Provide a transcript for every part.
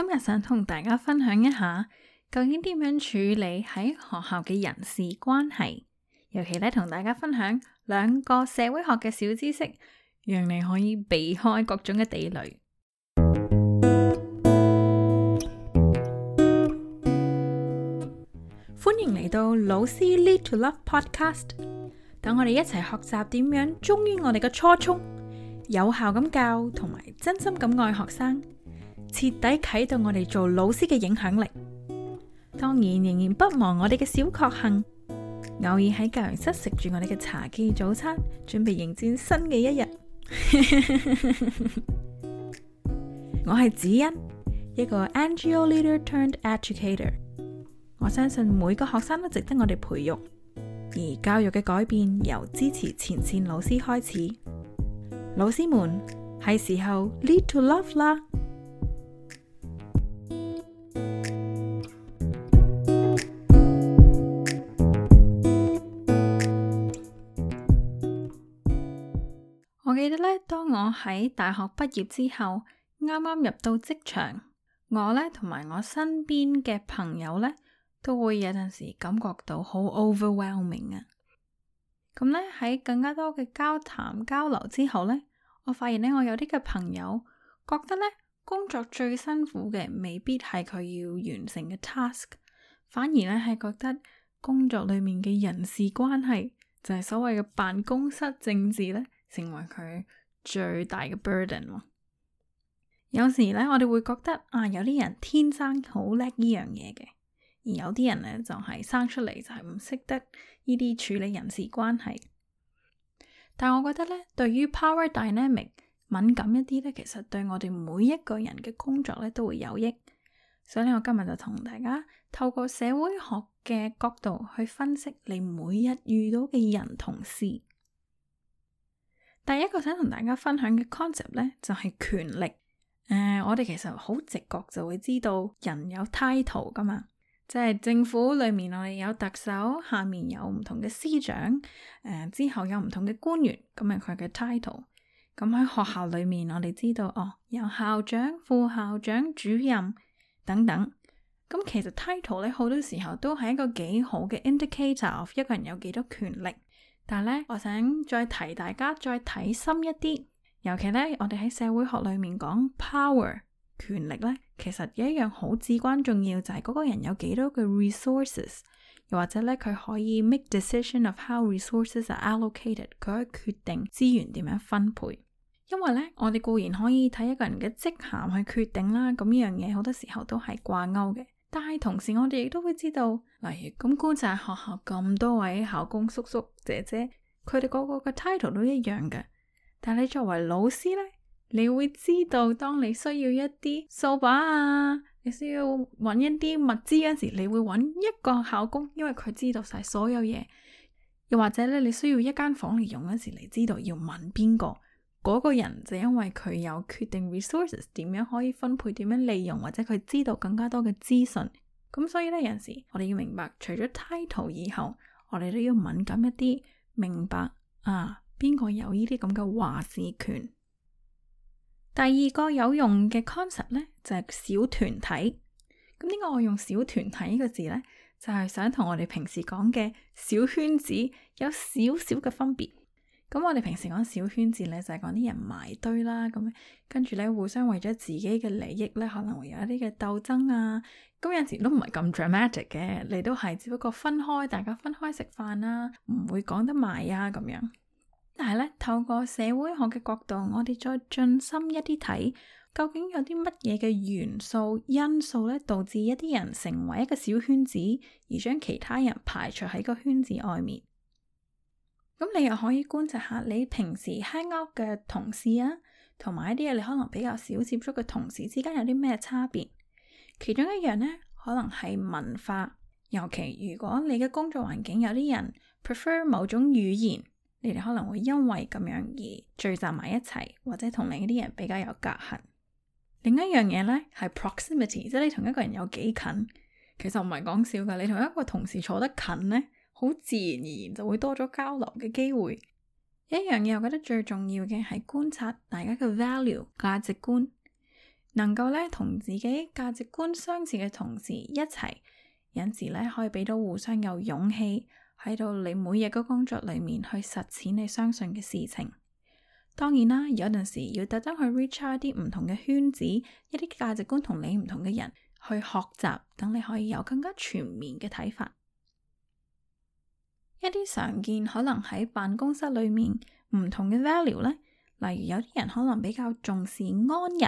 今日想同大家分享一下，究竟點樣處理喺學校嘅人事關係？尤其咧，同大家分享兩個社會學嘅小知識，讓你可以避開各種嘅地雷。歡迎嚟到老師 Lead to Love Podcast，等我哋一齊學習點樣忠於我哋嘅初衷，有效咁教同埋真心咁愛學生。徹底啟動我哋做老師嘅影響力，當然仍然不忘我哋嘅小確幸，偶爾喺教員室食住我哋嘅茶記早餐，準備迎戰新嘅一日。 我係子欣，一個 NGO Leader turned Educator。Turn ed educ 我相信每個學生都值得我哋培育，而教育嘅改變由支持前線老師開始。老師們係時候 Lead to Love 啦。記得咧，當我喺大學畢業之後，啱啱入到職場，我咧同埋我身邊嘅朋友咧，都會有陣時感覺到好 overwhelming 啊。咁咧喺更加多嘅交談交流之後咧，我發現咧我有啲嘅朋友覺得咧，工作最辛苦嘅未必係佢要完成嘅 task，反而咧係覺得工作裏面嘅人事關係就係、是、所謂嘅辦公室政治咧。成為佢最大嘅 burden。有時咧，我哋會覺得啊，有啲人天生好叻呢樣嘢嘅，而有啲人咧就係生出嚟就係唔識得呢啲處理人事關係。但我覺得咧，對於 power dynamic 敏感一啲咧，其實對我哋每一個人嘅工作咧都會有益。所以咧，我今日就同大家透過社會學嘅角度去分析你每日遇到嘅人同事。第一個想同大家分享嘅 concept 咧，就係權力。誒，我哋其實好直覺就會知道人有 title 噶嘛，即係政府裏面我哋有特首，下面有唔同嘅司長，誒，之後有唔同嘅官員，咁係佢嘅 title。咁喺學校裏面，我哋知道哦，有校長、副校長、主任等等。咁其實 title 咧好多時候都係一個幾好嘅 indicator，一個人有幾多權力。但係咧，我想再提大家再睇深一啲，尤其咧，我哋喺社會學裏面講 power 權力咧，其實有一樣好至關重要，就係嗰個人有幾多嘅 resources，又或者咧佢可以 make decision of how resources are allocated，佢可以決定資源點樣分配。因為咧，我哋固然可以睇一個人嘅職銜去決定啦，咁呢樣嘢好多時候都係掛鈎嘅。但係同時，我哋亦都會知道，例如咁，官寨學校咁多位校工叔叔姐姐，佢哋個個嘅 title 都一樣嘅。但係你作為老師咧，你會知道當你需要一啲掃把啊，你需要揾一啲物資嗰時，你會揾一個校工，因為佢知道晒所有嘢。又或者咧，你需要一間房嚟用嗰時，你知道要問邊個。嗰個人就因為佢有決定 resources 點樣可以分配、點樣利用，或者佢知道更加多嘅資訊，咁所以咧，有時我哋要明白，除咗 title 以後，我哋都要敏感一啲，明白啊邊個有呢啲咁嘅話事權。第二個有用嘅 concept 咧，就係小團體。咁點解我用小團體呢個字咧，就係想同我哋平時講嘅小圈子有少少嘅分別。咁我哋平時講小圈子咧，就係講啲人埋堆啦，咁跟住咧互相為咗自己嘅利益咧，可能會有一啲嘅鬥爭啊。咁有陣時都唔係咁 dramatic 嘅，你都係只不過分開，大家分開食飯啦，唔會講得埋啊咁樣。但係咧透過社會學嘅角度，我哋再進深一啲睇，究竟有啲乜嘢嘅元素、因素咧，導致一啲人成為一個小圈子，而將其他人排除喺個圈子外面。咁你又可以觀察下你平時 hang out 嘅同事啊，同埋一啲嘢你可能比較少接觸嘅同事之間有啲咩差別？其中一樣呢，可能係文化，尤其如果你嘅工作環境有啲人 prefer 某種語言，你哋可能會因為咁樣而聚集埋一齊，或者同另一啲人比較有隔閡。另一樣嘢呢，係 proximity，即係你同一個人有幾近。其實唔係講笑噶，你同一個同事坐得近呢，好自然而然就會多咗交流嘅機會。一樣嘢，我覺得最重要嘅係觀察大家嘅 value 價值觀，能夠咧同自己價值觀相似嘅同事一齊，有時咧可以俾到互相有勇氣喺到你每日嘅工作裏面去實踐你相信嘅事情。當然啦，有陣時要特登去 reach out 一啲唔同嘅圈子，一啲價值觀同你唔同嘅人去學習，等你可以有更加全面嘅睇法。一啲常見可能喺辦公室裏面唔同嘅 value 呢，例如有啲人可能比較重視安逸、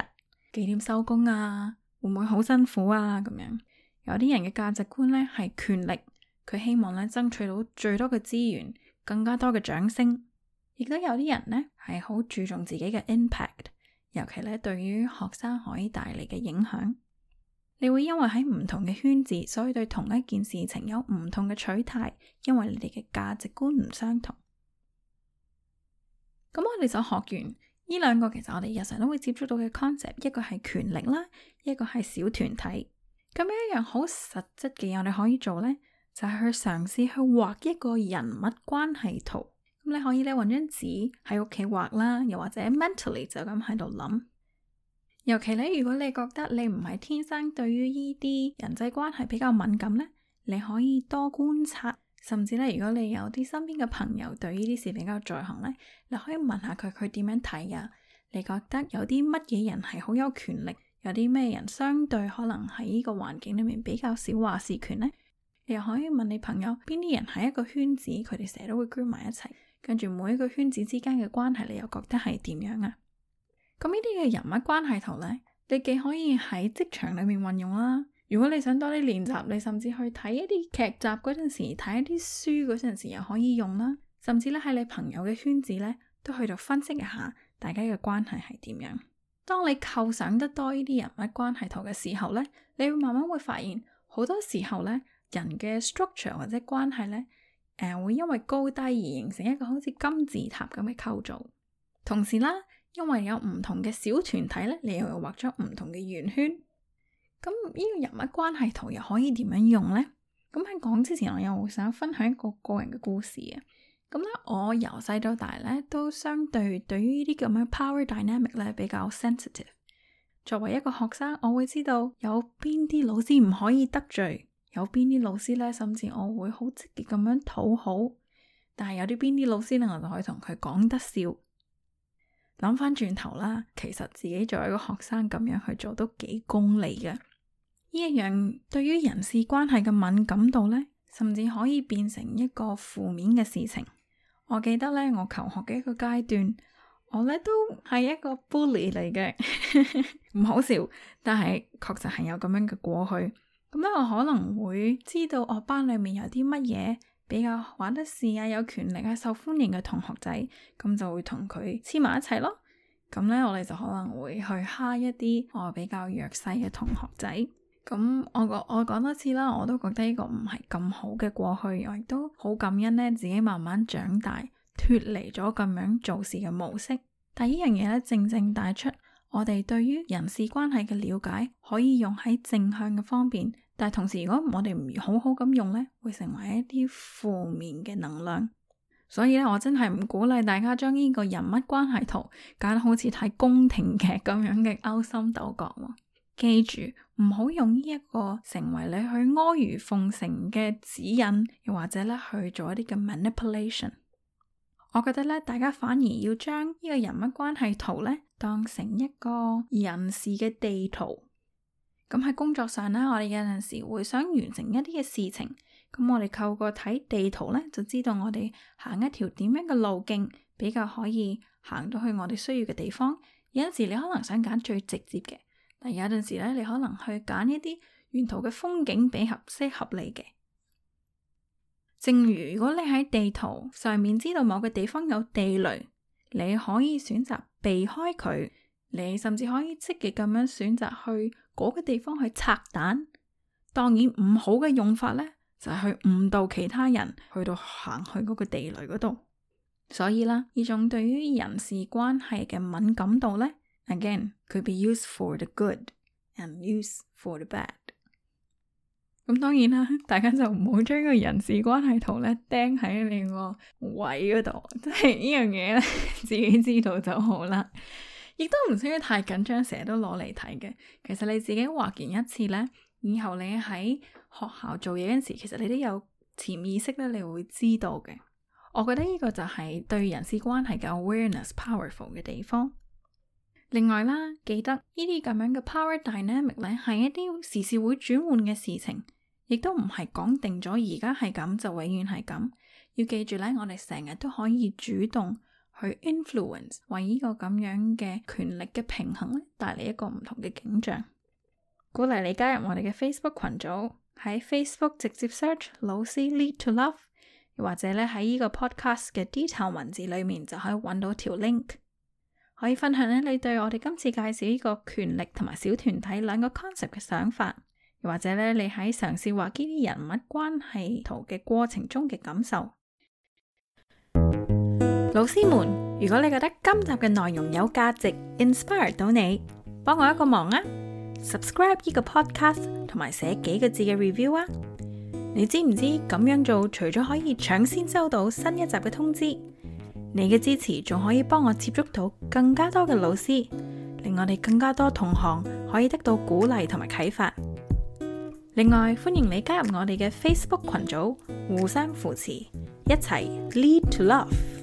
幾點收工啊，會唔會好辛苦啊咁樣？有啲人嘅價值觀呢係權力，佢希望呢爭取到最多嘅資源、更加多嘅掌聲，亦都有啲人呢係好注重自己嘅 impact，尤其呢對於學生可以帶嚟嘅影響。你會因為喺唔同嘅圈子，所以對同一件事情有唔同嘅取態，因為你哋嘅價值觀唔相同。咁我哋就學完呢兩個，其實我哋日常都會接觸到嘅 concept，一個係權力啦，一個係小團體。咁有一樣好實質嘅嘢，我哋可以做呢，就係去嘗試去畫一個人物關係圖。咁你可以咧，搵張紙喺屋企畫啦，又或者 mentally 就咁喺度諗。尤其咧，如果你覺得你唔係天生對於呢啲人際關係比較敏感呢，你可以多觀察，甚至咧，如果你有啲身邊嘅朋友對呢啲事比較在行呢，你可以問下佢，佢點樣睇啊？你覺得有啲乜嘢人係好有權力，有啲咩人相對可能喺呢個環境裏面比較少話事權呢？你又可以問你朋友，邊啲人喺一個圈子，佢哋成日都會居埋一齊，跟住每一個圈子之間嘅關係，你又覺得係點樣啊？咁呢啲嘅人物關係圖呢，你既可以喺職場裏面運用啦。如果你想多啲練習，你甚至去睇一啲劇集嗰陣時，睇一啲書嗰陣時，又可以用啦。甚至咧喺你朋友嘅圈子呢，都去度分析一下大家嘅關係係點樣。當你構想得多呢啲人物關係圖嘅時候呢，你會慢慢會發現，好多時候呢，人嘅 structure 或者關係呢，誒、呃、會因為高低而形成一個好似金字塔咁嘅構造。同時啦。因為有唔同嘅小團體咧，你又畫咗唔同嘅圓圈，咁呢個人物關係圖又可以點樣用呢？咁喺講之前，我又想分享一個個人嘅故事啊。咁咧，我由細到大咧都相對對於呢啲咁樣 power dynamic 咧比較 sensitive。作為一個學生，我會知道有邊啲老師唔可以得罪，有邊啲老師咧，甚至我會好積極咁樣討好。但係有啲邊啲老師咧，我就可以同佢講得笑。諗翻轉頭啦，其實自己作為一個學生咁樣去做都幾功利嘅。呢一樣對於人事關係嘅敏感度呢，甚至可以變成一個負面嘅事情。我記得呢，我求學嘅一個階段，我呢都係一個 bully 嚟嘅，唔 好笑，但係確實係有咁樣嘅過去。咁咧，我可能會知道我班裏面有啲乜嘢。比較玩得事啊，有權力啊，受歡迎嘅同學仔，咁就會同佢黐埋一齊咯。咁呢，我哋就可能會去蝦一啲我比較弱勢嘅同學仔。咁我我我講多次啦，我都覺得呢個唔係咁好嘅過去，我亦都好感恩呢，自己慢慢長大，脫離咗咁樣做事嘅模式。但呢樣嘢呢，正正帶出。我哋對於人事關係嘅了解可以用喺正向嘅方面，但係同時如果我哋唔好好咁用呢，會成為一啲負面嘅能量。所以咧，我真係唔鼓勵大家將呢個人物關係圖搞得好似睇宮廷劇咁樣嘅勾心鬥角。記住唔好用呢一個成為你去阿諛奉承嘅指引，又或者咧去做一啲嘅 manipulation。我覺得咧，大家反而要將呢個人物關係圖呢，當成一個人事嘅地圖，咁喺工作上呢，我哋有陣時會想完成一啲嘅事情，咁我哋透過睇地圖呢，就知道我哋行一條點樣嘅路徑，比較可以行到去我哋需要嘅地方。有陣時你可能想揀最直接嘅，但有陣時呢，你可能去揀一啲沿途嘅風景比較合適合你嘅。正如如果你喺地圖上面知道某個地方有地雷。你可以選擇避開佢，你甚至可以積極咁樣選擇去嗰個地方去拆彈。當然唔好嘅用法咧，就係、是、去誤導其他人去到行去嗰個地雷嗰度。所以啦，呢種對於人事關係嘅敏感度咧，again，could be used for the good and used for the bad。咁當然啦，大家就唔好將個人事關係圖咧釘喺你位、就是、個位嗰度，即係呢樣嘢咧，自己知道就好啦。亦都唔需要太緊張，成日都攞嚟睇嘅。其實你自己畫完一次咧，以後你喺學校做嘢嗰陣時，其實你都有潛意識咧，你會知道嘅。我覺得呢個就係對人事關係嘅 awareness powerful 嘅地方。另外啦，記得呢啲咁樣嘅 power dynamic 咧，係一啲時事會轉換嘅事情。.亦都唔係講定咗，而家係咁就永遠係咁。要記住咧，我哋成日都可以主動去 influence，為呢個咁樣嘅權力嘅平衡咧，帶嚟一個唔同嘅景象。鼓勵你加入我哋嘅 Facebook 群組，喺 Facebook 直接 search 老師 lead to love，或者咧喺呢個 podcast 嘅 detail 文字裏面就可以揾到條 link，可以分享呢，你對我哋今次介紹呢個權力同埋小團體兩個 concept 嘅想法。或者咧，你喺嘗試畫呢啲人物關係圖嘅過程中嘅感受。 老師們，如果你覺得今集嘅內容有價值，inspire 到你，幫我一個忙啊，subscribe 呢個 podcast，同埋寫幾個字嘅 review 啊。你知唔知咁樣做，除咗可以搶先收到新一集嘅通知，你嘅支持仲可以幫我接觸到更加多嘅老師，令我哋更加多同行可以得到鼓勵同埋啟發。另外，歡迎你加入我哋嘅 Facebook 群組，互相扶持，一齊 lead to love。